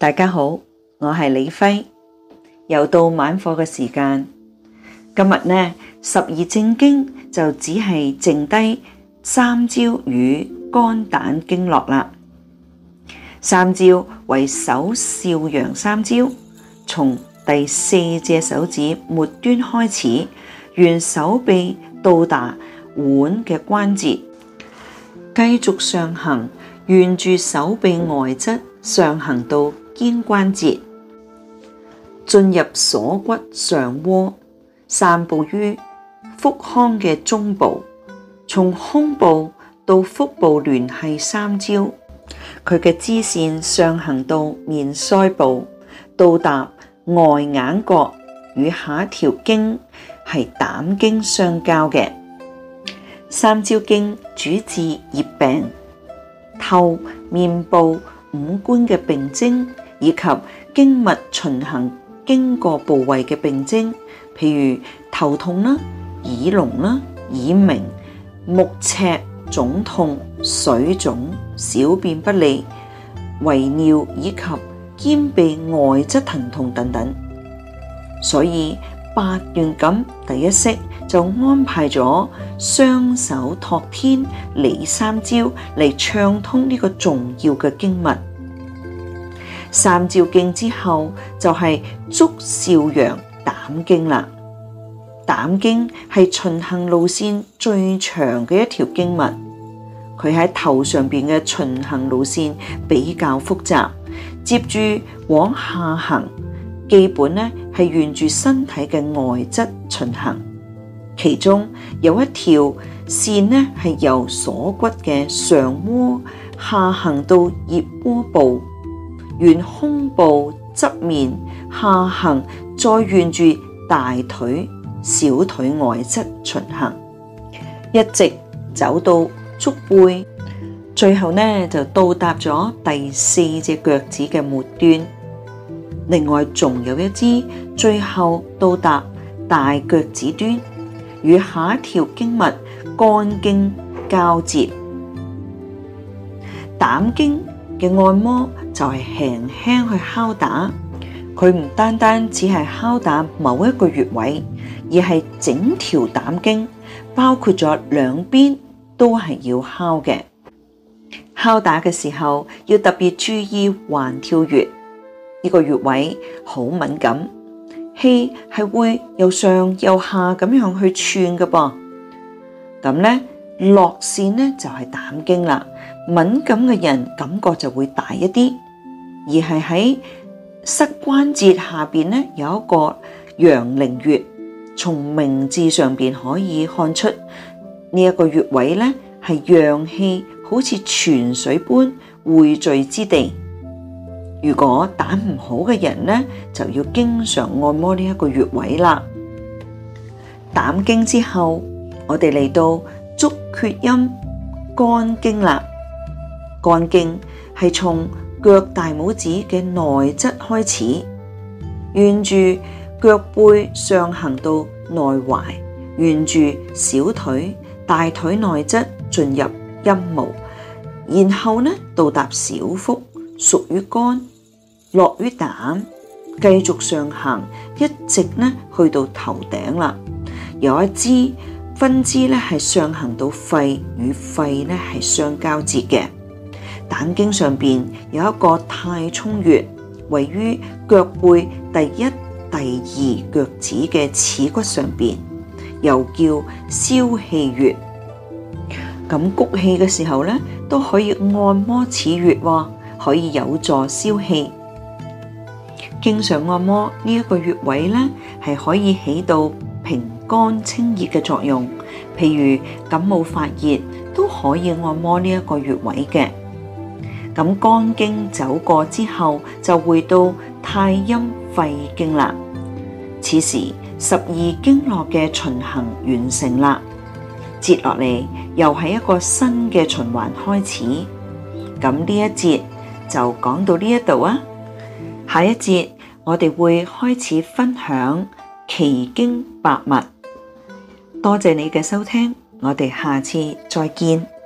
大家好，我係李輝，又到晚課嘅時間。今日呢十二正經就只係剩低三焦與肝膽經絡啦。三焦為手少陽三焦，從第四隻手指末端開始，沿手臂到達腕嘅關節，繼續上行，沿住手臂外側上行到。肩關節進入鎖骨上窩，散布於腹腔嘅中部，從胸部到腹部聯繫三焦。佢嘅支線上行到面腮部，到達外眼角，與下一條經係膽經相交嘅三焦經，主治熱病、頭面部五官嘅病徵。以及經脈循行經過部位嘅病徵，譬如頭痛啦、耳聾啦、耳鳴、目赤腫痛、水腫、小便不利、遺尿以及肩背外側疼痛等等。所以八段錦第一式就安排咗雙手托天理三焦嚟暢通呢個重要嘅經脈。三焦經之後就係足少陽膽經啦。膽經係循行路線最長嘅一條經脈，佢喺頭上邊嘅循行路線比較複雜，接住往下行，基本呢係沿住身體嘅外側循行。其中有一條線呢係由鎖骨嘅上窩下行到腋窩部。沿胸部側面下行，再沿住大腿、小腿外側循行，一直走到足背，最後呢就到達咗第四隻腳趾嘅末端。另外仲有一支，最後到達大腳趾端，與下一條經脈肝經交接。膽經嘅按摩就係輕輕去敲打，佢唔單單只係敲打某一個穴位，而係整條膽經，包括咗兩邊都係要敲嘅。敲打嘅時候要特別注意橫跳穴，呢個穴位好敏感，氣係會由上由下咁樣去串㗎噃。咁咧。落線呢就係膽經啦，敏感嘅人感覺就會大一啲，而係喺膝關節下邊呢有一個陽陵穴，從名字上邊可以看出呢一個穴位呢係陽氣好似泉水般匯聚之地。如果膽唔好嘅人呢就要經常按摩呢一個穴位啦。膽經之後，我哋嚟到足厥陰肝經啦，肝經係從腳大拇指嘅內側開始，沿住腳背上行到內踝，沿住小腿、大腿內側進入陰毛，然後呢到達小腹，屬於肝，絡於膽，繼續上行，一直呢去到頭頂啦，有一支。分支咧，係上行到肺，與肺咧，係相交接嘅。膽經上邊有一個太沖穴，位於腳背第一、第二腳趾嘅趾骨上邊，又叫消氣穴。咁谷氣嘅時候咧，都可以按摩此穴，可以有助消氣。經常按摩呢一個穴位咧，係可以起到平。肝清熱嘅作用，譬如感冒發熱都可以按摩呢一個穴位嘅。咁肝經走過之後，就回到太陰肺經啦。此時十二經絡嘅循行完成啦，接落嚟又係一個新嘅循環開始。咁呢一節就講到呢一度啊，下一節我哋會開始分享奇經八脈。多謝你嘅收聽，我哋下次再見。